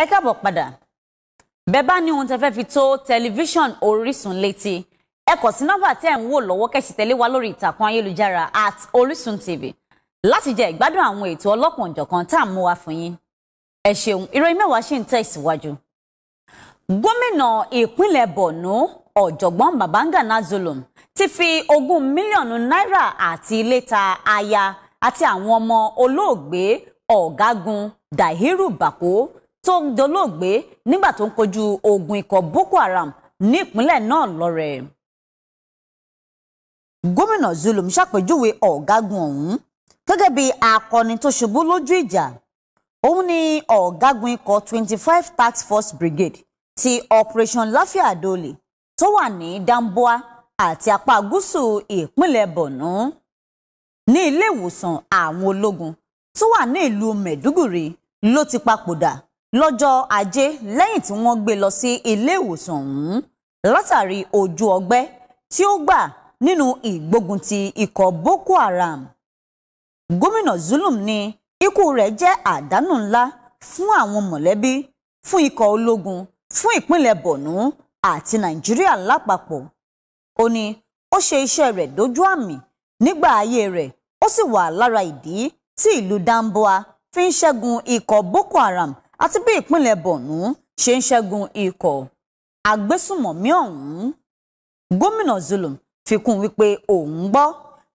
ẹ káàbọ̀ padà bẹ́ẹ̀ bá ní ohun tẹ́ fẹ́ fi tó tẹlifíṣàn Orísun létí ẹ kọ sí nọ́mbà tẹ́ ẹ̀ ń wò lọ́wọ́ kẹ̀sì tẹ̀lé wa lórí ìtàkùn ayélujára at Orísun TV láti jẹ ìgbádùn àwọn ètò ọlọ́kan-ò-jọ̀kan tá à ń mú wa fún yín ẹ ṣeun ìròyìn mẹ́wàá ṣì ń tẹ̀síwájú. gómìnà ìpínlẹ̀ Borno ọ̀jọ̀gbọ́n Babangana Zulum ti fi ogún mílíọ̀nù náírà àti ilé ta aya àti àwọn ọmọ olóògbé ọ̀gágun Dahiru Bako tó ń dolóògbé nígbà tó ń kojú ogun ikọ̀ Boko Haram ní ìpínlẹ̀ náà lọ́rẹ̀ gómìnà Zulum ṣàpèjúwe ọ̀gágun ọ̀hún gẹ́gẹ́ bí akọni tó ṣubú lójú ìjà òun ni ọ̀gágun ikọ̀ twenty five task force brigade ti operation lafia adole tó wà ní Damboa àti apá gúúsù ìpínlẹ̀ Borno ní ilé ìwòsàn àwọn ológun tó wà ní ìlú Maiduguri ló ti papòdà lọ́jọ́ ajé lẹ́yìn tí wọ́n gbé lọ sí ilé ìwòsàn ọ̀hún látàrí ojú ọgbẹ́ tí ó gbà nínú ìgbógunti ikọ̀ Boko Haram gómìnà Zulum ní ikú rẹ̀ jẹ́ àdánù ńlá fún àwọn mọ̀lẹ́bí fún ikọ̀ ológun fún ìpínlẹ̀ Borno àti Nàìjíríà lápapọ̀ ó ní ó ṣe iṣẹ́ rẹ̀ dójú àmì nígbà ayé rẹ̀ ó sì wà lára ìdí tí ìlú Damboa fi ń ṣẹ́gun ikọ̀ Boko Haram àti bí ìpínlẹ̀ Borno ṣe ń ṣẹ́gun ikọ̀ agbésùmọ̀mí ọ̀hún gómìnà Zulum fi kún wípé òun gbọ́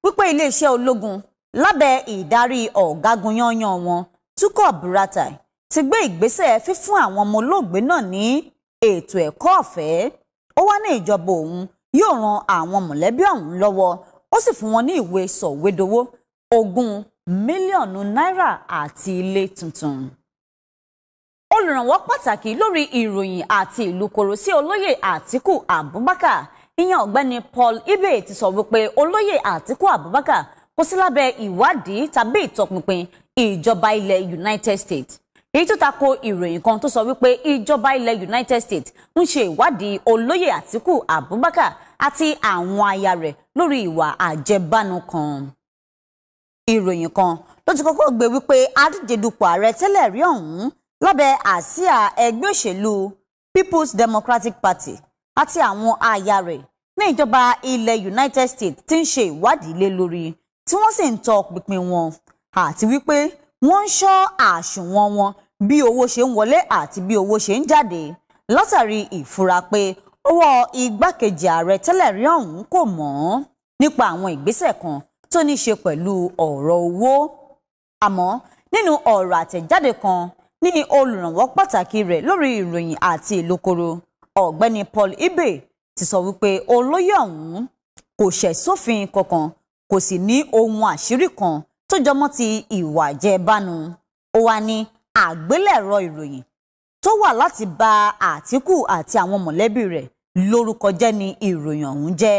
wípé iléeṣẹ́ ológun lábẹ́ ìdarí ọ̀gágun yányán wọn Tukur Buratai ti gbé ìgbésẹ̀ fífún àwọn ọmọ olóògbé náà ní ètò ẹ̀kọ́ ọ̀fẹ́ ó wá ní ìjọba òun yóò ran àwọn mọ̀lẹ́bí ọ̀hún lọ́wọ́ ó sì fún wọn ní ìwé sọ̀wédowó ogún mílíọ̀nù náírà àti ilé tuntun olùrànwọ́ pàtàkì lórí ìròyìn àti ìlúkòrò sí olóyè àtíkù abubakar ìyẹn ọ̀gbẹ́ni paul ibe ti sọ wípé olóyè àtíkù abubakar kò sí lábẹ́ ìwádìí tàbí ìtọpinpin ìjọba ilẹ̀ united states èyí tó tako ìròyìn kan tó sọ wípé ìjọba ilẹ̀ united states ń ṣe ìwádìí olóyè àtíkù abubakar àti àwọn aya rẹ̀ lórí ìwà àjẹbánu kan ìròyìn kan ló ti kọ́kọ́ gbé wípé adíje ààrẹ tẹ́lẹ̀ rí ọ̀hún lábẹ́ àsíá ẹgbẹ́ òṣèlú People's Democratic Party àti àwọn aya rẹ̀ ní ìjọba ilẹ̀ United States ti ń ṣe ìwádìí lé lórí tí wọ́n sì ń tọ pinpin wọn àti wípé wọ́n ń ṣọ́ àṣùwọ̀n wọn bí owó ṣe ń wọlé àti bí owó ṣe ń jáde látàrí ìfura pé owó igbákejì ààrẹ tẹ́lẹ̀ rí ọ̀hún kò mọ́ nípa àwọn ìgbésẹ̀ kan tó ní ṣe pẹ̀lú ọ̀rọ̀ owó àmọ́ nínú ọ̀rọ̀ àtẹ̀jáde kan ní olùrànwọ́ pàtàkì rẹ̀ lórí ìròyìn àti ìlòkoro ọ̀gbẹ́ni Paul Ibe ti sọ wípé olóyè ọ̀hún kò ṣẹ̀ sófin kankan kò sì ní ohun àṣírí kan tó jọmọ́ ti ìwà jẹbánu ó wá ní àgbélẹ̀rọ ìròyìn tó wà láti bà Àtíkù àti àwọn mọ̀lẹ́bí rẹ̀ lórúkọ jẹ́ ni ìròyìn ọ̀hún jẹ́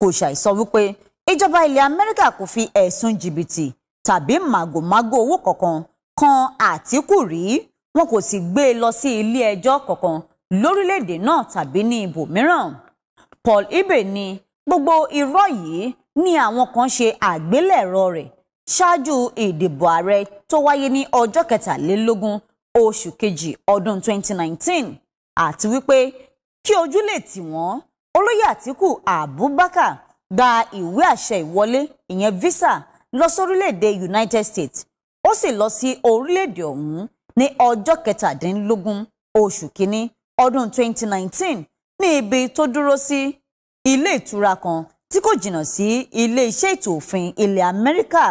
kò ṣàìsọ wípé ìjọba ilẹ̀ Amẹ́ríkà kò fi ẹ̀sùn jìbìtì tàbí màgòmágó owó kankan kan Àtíkù rí wọn kò sì gbé e lọ sí ilé ẹjọ́ kankan lórílẹ̀ náà tàbí ní ibòmíràn Paul Ibe ní gbogbo irọ́ yìí ni àwọn kan ṣe àgbélẹ̀rọ rẹ̀ ṣáájú ìdìbò ààrẹ tó wáyé ní ọjọ́ kẹtàlélógún oṣù kejì ọdún 2019 àti wípé kí ojú lè tì wọ́n olóyè Àtíkù Abubakar gba ìwé àṣẹ ìwọlé ìyẹn visa lọ sórílẹ̀ United States ó sì lọ sí orílẹ̀-èdè ọ̀hún ní ọjọ́ kẹtàdínlógún oṣù kínní ọdún 2019 ní ibi tó dúró sí ilé ìtura kan tí kò jìnnà sí ilé iṣẹ́ ètò òfin ilẹ̀ Amẹ́ríkà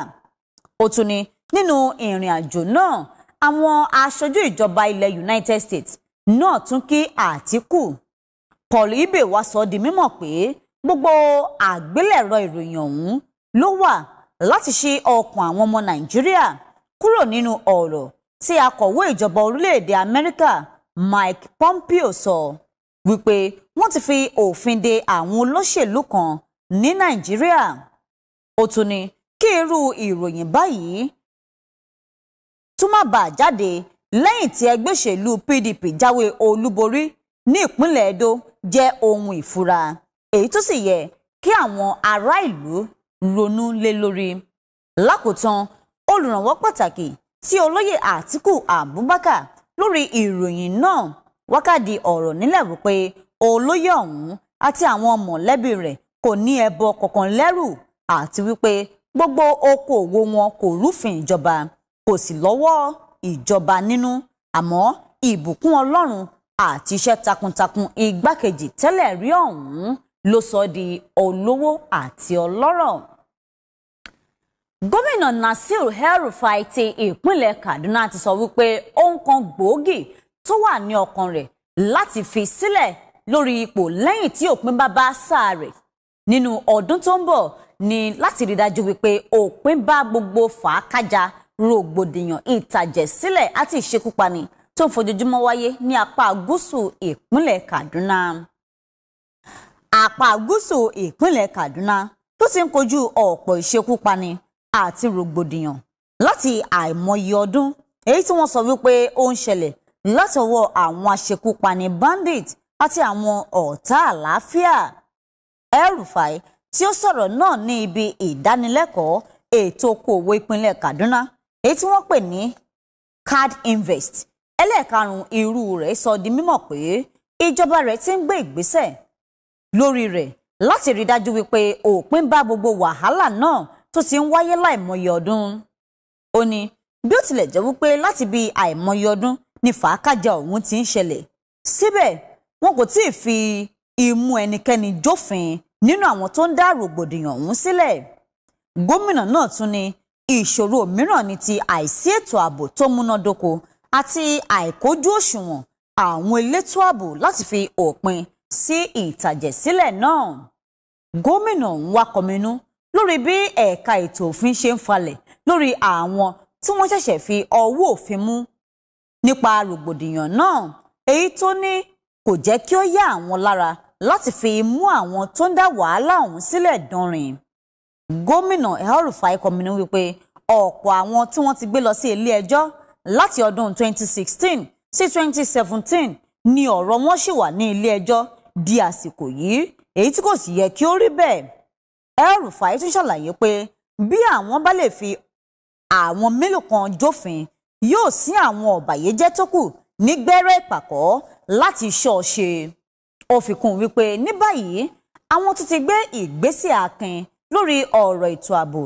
ó tún ní nínú ìrìn àjò náà àwọn aṣojú ìjọba ilẹ̀ United States náà tún kí Àtíkù Paul Ibe wá sọ di mímọ̀ pé gbogbo àgbélẹ̀rọ ìròyìn ọ̀hún ló wà láti ṣe ọkàn àwọn ọmọ Nàìjíríà kúrò nínú ọ̀rọ̀ tí akọ̀wé ìjọba orílẹ̀-èdè Amẹ́ríkà Mike Pompeo sọ wípé wọ́n ti fi òfin de àwọn olóṣèlú kan ní Nàìjíríà ó tún ní kí irú ìròyìn báyìí tún má bàa jáde lẹ́yìn tí ẹgbẹ́ òṣèlú PDP jáwé olúborí ní ìpínlẹ̀ Edo jẹ́ ohun ìfura èyí tó sì yẹ kí àwọn ará ìlú ronú lé lórí lákòótán olùrànwọ́ pàtàkì tí olóyè Àtíkù Abubakar lórí ìròyìn náà wákàdí ọ̀rọ̀ nílẹ̀ wípé olóyè ọ̀hún àti àwọn mọ̀lẹ́bí rẹ̀ kò ní ẹbọ kankan lẹ́rù àti wípé gbogbo okòòwò wọn kò rúfin ìjọba kò sì lọ́wọ́ ìjọba nínú àmọ́ ìbùkún Ọlọ́run àti iṣẹ́ takuntakun igbákejì tẹ́lẹ̀ rí ọ̀hún ló sọ di olówó àti ọlọ́rọ̀ gómìnà nasir El-Rufai ti ìpínlẹ̀ kaduna ti sọ wípé ohun kan gbòógì tó wà ní ọkàn rẹ̀ láti fi sílẹ̀ lórí ipò lẹ́yìn tí òpin bá bá sáà rẹ̀ nínú ọdún tó ń bọ̀ ni láti rí dájú wípé òpin bá gbogbo fàákájà rògbòdìyàn ìtàjẹ̀sílẹ̀ àti ìṣekúpani tó ń fojoojúmọ́ wáyé ní apá gúúsù ìpínlẹ̀ kaduna apá gúúsù ìpínlẹ̀ kaduna tó ti ń kojú ọ̀pọ̀ ìṣekúpani àti rògbòdìyàn láti àìmọye ọdún èyí tí wọ́n sọ wípé ó ń ṣẹlẹ̀ látọwọ́ àwọn aṣekúpani bandit àti àwọn ọ̀tá àlàáfíà El-Rufai tí ó sọ̀rọ̀ náà ní ibi ìdánilẹ́kọ̀ọ́ ètò okòòwò ìpínlẹ̀ Kaduna èyí tí wọ́n pè ní card invest ẹlẹ́ẹ̀karùn-ún irú rẹ̀ sọ di mímọ̀ pé ìjọba rẹ̀ ti ń gbé ìgbésẹ̀ lórí rẹ̀ láti rí dájú wípé òpin bá gbogbo wàhálà náà tó ti ń wáyé láìmọye ọdún ó ní bí ó tilẹ̀ jẹ́ wípé láti bí àìmọye ọdún ni fàákàjà ọ̀hún ti ń ṣẹlẹ̀ síbẹ̀ wọn kò tí ì fi imú ẹnikẹ́ni jófin nínú àwọn tó ń dá rògbòdìyàn ọ̀hún sílẹ̀ gómìnà náà tún ni ìṣòro mìíràn ni ti àìsí ètò ààbò tó múnádóko àti àìkójú òṣùwọ̀n àwọn elétò ààbò láti fi òpin sí ìtàjẹ̀sílẹ̀ náà gómìnà ń wá lórí bí ẹ̀ka ètò òfin ṣe ń falẹ̀ lórí àwọn tí wọ́n ṣẹ̀ṣẹ̀ fi ọwọ́ òfin mú nípa rògbòdìyàn náà èyí tó ní kò jẹ́ kí ó yá àwọn lára láti fi mú àwọn tó ń dá wàhálà ọ̀hún sílẹ̀ dánrin gómìnà El-Rufai kọminú wípé ọ̀pọ̀ àwọn tí wọ́n ti gbé lọ sí ilé ẹjọ́ láti ọdún 2016 sí 2017 ni ọ̀rọ̀ wọn ṣì wà ní ilé ẹjọ́ di àsìkò yìí èyí tí kò sì yẹ kí ó rí bẹ́ẹ̀ El-Rufai tún ṣàlàyé pé bí àwọn bá lè fi àwọn mélòó kan jófin yóò sí àwọn ọ̀bàyéjẹ́ tó kù ní gbẹ́rẹ́ ìpàkọ́ láti ṣọ́ ṣe ó fi kún wípé ní báyìí àwọn tó ti gbé ìgbésẹ̀ akin lórí ọ̀rọ̀ ètò ààbò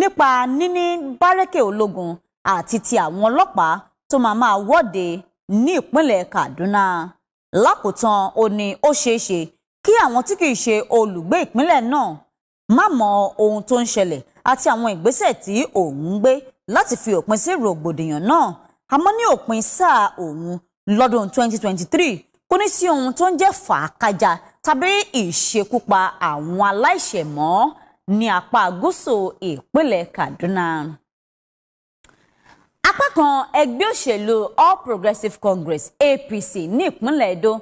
nípa níní bárẹ́kẹ̀ ológun àti ti àwọn ọlọ́pàá tó máa máa wọ́de ní ìpínlẹ̀ Kaduna lákòótán ó ní ó ṣeé ṣe kí àwọn tí kì í ṣe olùgbé ìpínlẹ̀ náà má mọ ohun tó ń ṣẹlẹ̀ àti àwọn ìgbésẹ̀ tí òun ń gbé láti fi òpin sí rògbòdìyàn náà àmọ́ ní òpin sáà òun lọ́dún 2023 kò ní sí ohun tó ń jẹ́ fàákájà tàbí ìṣekúpa àwọn aláìṣẹ̀ mọ́ ní apá gúúsù ìpínlẹ̀ Kaduna apá kan ẹgbẹ́ òṣèlú All progressive Congress APC ní ìpínlẹ̀ Edo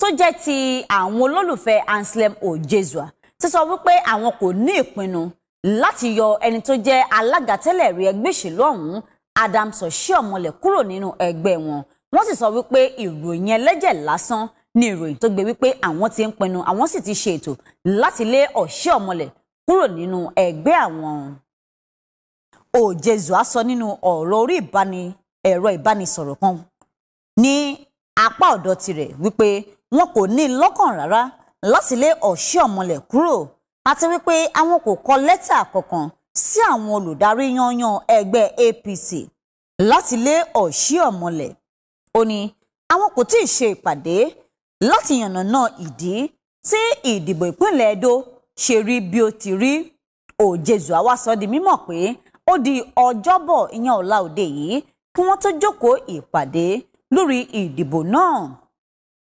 tó jẹ́ ti àwọn olólùfẹ́ Anselm Ojezua sísọ wípé àwọn kò ní ìpinnu láti yọ ẹni tó jẹ́ alága tẹ́lẹ̀ rí ẹgbẹ́ ìṣèlú ọ̀hún Adams Oshiomhole kúrò nínú ẹgbẹ́ wọn wọ́n sì sọ wípé ìròyìn ẹlẹ́jẹ̀ lásán ni ìròyìn tó gbé wípé àwọn ti ń pinnu àwọn sì ti ṣe ètò láti lé Oshiomhole kúrò nínú ẹgbẹ́ àwọn. Ojezua sọ nínú ọ̀rọ̀ orí ẹ̀rọ ìbánisọ̀rọ̀ kan ní apá ọ̀dọ̀ tirẹ̀ wípé wọn kò ní lọ́kàn rárá láti lé Ọ̀ṣíọ̀mọlẹ̀ kúrò àti wípé àwọn kò kọ lẹ́tà kankan sí àwọn olùdarí yanyan ẹgbẹ́ APC láti lé Ọ̀ṣíọ̀mọlẹ̀ ó ní àwọn kò tí ì ṣe ìpàdé láti yànnàná ìdí tí ìdìbò ìpínlẹ̀ Edo ṣe rí bí ó ti rí òjèzù àwa sọ di mímọ̀ pé ó di ọjọ́bọ̀ ìyẹn ọ̀la òde yìí kí wọ́n tó jókòó ìpàdé lórí ìdìbò náà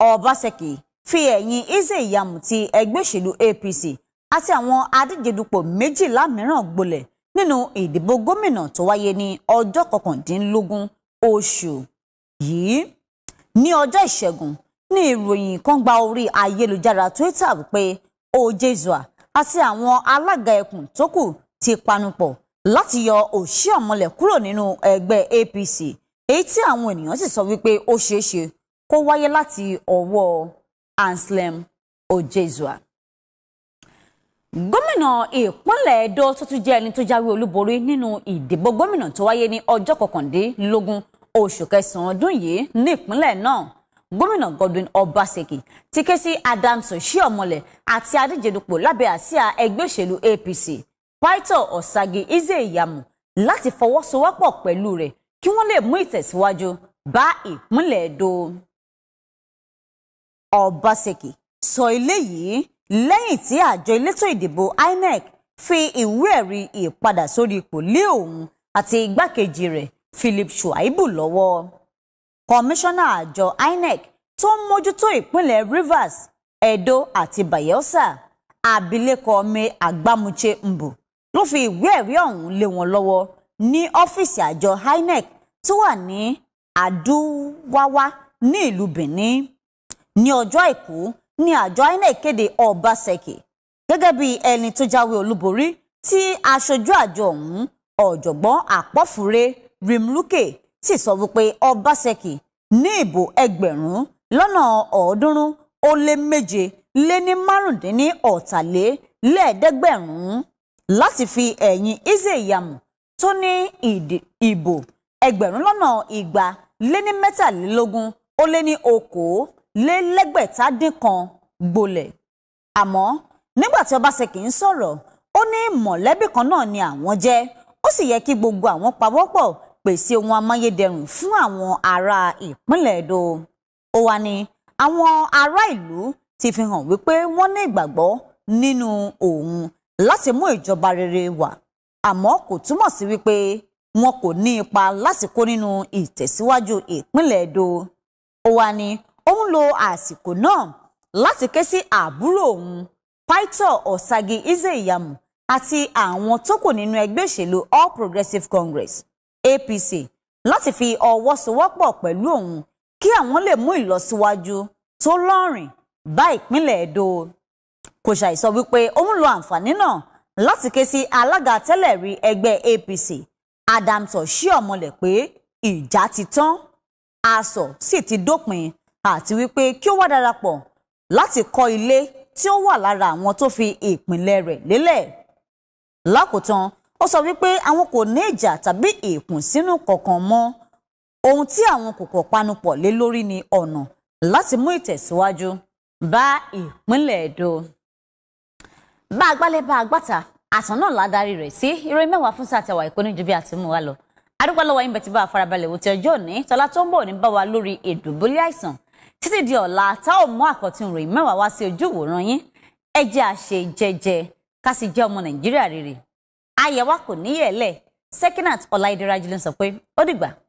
Obaseki fi ẹ̀yìn Eze Iyamu ti ẹgbẹ́ òṣèlú APC àti àwọn adíjedupò méjìlá mìíràn gbolẹ̀ nínú ìdìbò gómìnà tó wáyé ní ọjọ́ kọkàndínlógún oṣù yìí ní ọjọ́ ìṣẹ́gun ní ìròyìn kan gba orí ayélujára Twitter wípé Ojezua àti àwọn alága ẹkùn tó kù ti panupọ̀ láti yọ Òṣì Ọ̀mọ̀lẹ̀ kúrò nínú ẹgbẹ́ APC èyí tí àwọn ènìyàn sì sọ wípé ó ṣeé ṣe kó wáyé láti ọwọ́ Anselm Ojezua gómìnà ìpínlẹ̀ Ẹdó tó tún jẹ́ ẹni tó jáwé olúborí nínú ìdìbò gómìnà tó wáyé ní ọjọ́ kọkàndínlógún oṣù kẹsànán ọdún yìí ní ìpínlẹ̀ náà gómìnà Godwin Obaseki ti ké sí Adams Oshiomhole àti adíjedupò lábẹ́ àsíá ẹgbẹ́ òṣèlú APC Paito Osagi Izeyamu láti fọwọ́sowọ́pọ̀ pẹ̀lú rẹ̀ kí wọ́n lè mú ìtẹ̀síwájú bá ìpínlẹ̀ Ẹdó. Obaseki sọ eléyìí lẹ́yìn tí àjọ elétò ìdìbò INEC fi ìwé ẹ̀rí ìpadà sórí ipò lé òun àti igbákejì rẹ̀ Philip Shuaibu lọ́wọ́ kọmíṣánná àjọ INEC tó ń mójútó ìpínlẹ̀ Rivers Edo àti Bayelsa abilékọ May Agbamuche Mbu ló fi ìwé ẹ̀rí ọ̀hún lé wọn lọ́wọ́ ní ọ́fíìsì àjọ INEC tó wà ní Aduwawa ní ìlú Benin ní ọjọ́ àìkú ní àjọ inec kéde Obaseki gẹ́gẹ́ bí ẹni tó jáwé olúborí tí aṣojú àjọ ọ̀hún ọ̀jọ̀gbọ́n àpọ̀fúre Rimluke sì sọ wípé Obaseki ní ìbò ẹgbẹ̀rún lọ́nà ọ̀ọ́dúnrún ó lé méje lé ní márùndínní ọ̀tàlélẹ́ẹ̀ẹ́dẹ́gbẹ̀rún láti fi ẹ̀yìn Eze Iyamu tó ní ìbò ẹgbẹ̀rún lọ́nà igba lé ní mẹ́tàlélógún ó lé ní okòó lé lẹ́gbẹ̀ta dín kan gbolẹ̀ àmọ́ nígbà tí Ọbaṣẹ́kì ń sọ̀rọ̀ ó ní mọ̀lẹ́bí kan náà ni àwọn jẹ́ ó sì yẹ kí gbogbo àwọn pawọ́pọ̀ pèsè ohun amáyédẹrùn fún àwọn ará ìpínlẹ̀ Ẹdó ó wá ní àwọn ará ìlú ti fi hàn wípé wọ́n ní ìgbàgbọ́ nínú òun láti mú ìjọba rere wà àmọ́ kò túmọ̀ sí wípé wọn kò ní ipa láti kó nínú ìtẹ̀síwájú ìpínlẹ̀ Ẹdó ó wá ní ó lo àsìkò náà láti ké sí àbúrò òun Paito Osagi Izeyamu àti àwọn tó kù nínú ẹgbẹ́ òṣèlú All Progressives Congress APC láti fi ọwọ́ sowọ́pọ̀ pẹ̀lú òun kí àwọn lè mú ìlọsíwájú tó lọ́rìn bá ìpínlẹ̀ Edo kò ṣàìsọ wípé òun lo àǹfààní náà láti ké sí alága tẹ́lẹ̀ rí ẹgbẹ́ APC Adams Oshiomhole pé ìjà ti tán asọ̀ sì ti dópin àti wípé kí ó wá darapọ̀ láti kọ́ ilé tí ó wà lára àwọn tó fi ìpìnlẹ̀ rẹ̀ lélẹ̀ lákòótán ó sọ wípé àwọn kò ní ìjà tàbí ìkùnsínú kankan mọ́ ohun tí àwọn kò kọ̀ panupọ̀ lé lórí ni ọ̀nà láti mú ìtẹ̀síwájú bá ìpínlẹ̀ Ẹdó bá agbálẹ̀ bá agbáta àtàn náà ládarí rẹ̀ sí ìròyìn mẹ́wàá fún sáà tẹwàá ìkóni ju bí a ti mú wa lọ adúpẹ́ lọ́wọ́ yín bẹ́ẹ̀ ti bá a farabalẹ̀ wò ti ọjọ́ òní tọ́lá tó ń bọ̀ ní bá wa lórí èdòbólé àìsàn títí di ọ̀la tá ò mú àkọ́tún ròyìn mẹ́wàá wá sí ojú ìwòran yín ẹ jẹ́ àṣe jẹjẹ ká sì jẹ́ ọmọ nàìjíríà rere ayẹwà kò níyẹ̀lẹ̀ Sekinat Ọláìdé Rájí sọ pé ó dìgbà